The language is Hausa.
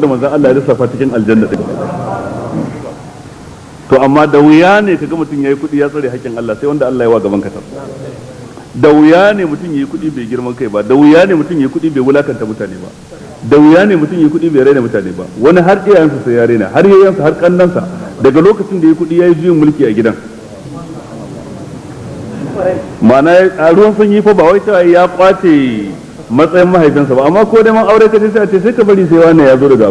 da manzan Allah ya lissafa cikin aljanna ɗin to amma da wuya ne kaga mutum yayi kudi ya tsare haƙƙin Allah sai wanda Allah ya wa gaban ka da wuya ne mutum yayi kudi bai girman kai ba da wuya ne mutum yayi kudi bai wulakanta mutane ba da wuya ne mutum yayi kudi bai raina mutane ba wani har iyayensa sai ya raina har yayansa har kannansa daga lokacin da ya yayi kudi yayi juyin mulki a gidan ma'ana ruwan sanyi fa ba wai ta ya kwace matsayin mahaifinsa ba amma ko dai ma aure ka sai a ce sai ka bari sai wani ya zo daga abu